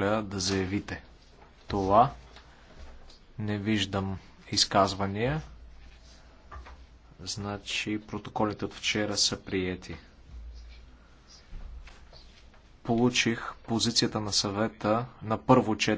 моля да заявите това. Не виждам изказвания. Значи протоколите от вчера са приети. Получих позицията на съвета на първо четене.